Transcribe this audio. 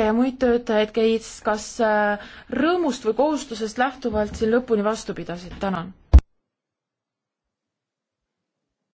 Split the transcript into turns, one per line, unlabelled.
ja muid töötajaid, kes kas äh, rõõmust või kohustusest lähtuvalt siin lõpuni vastu pidasid, tänan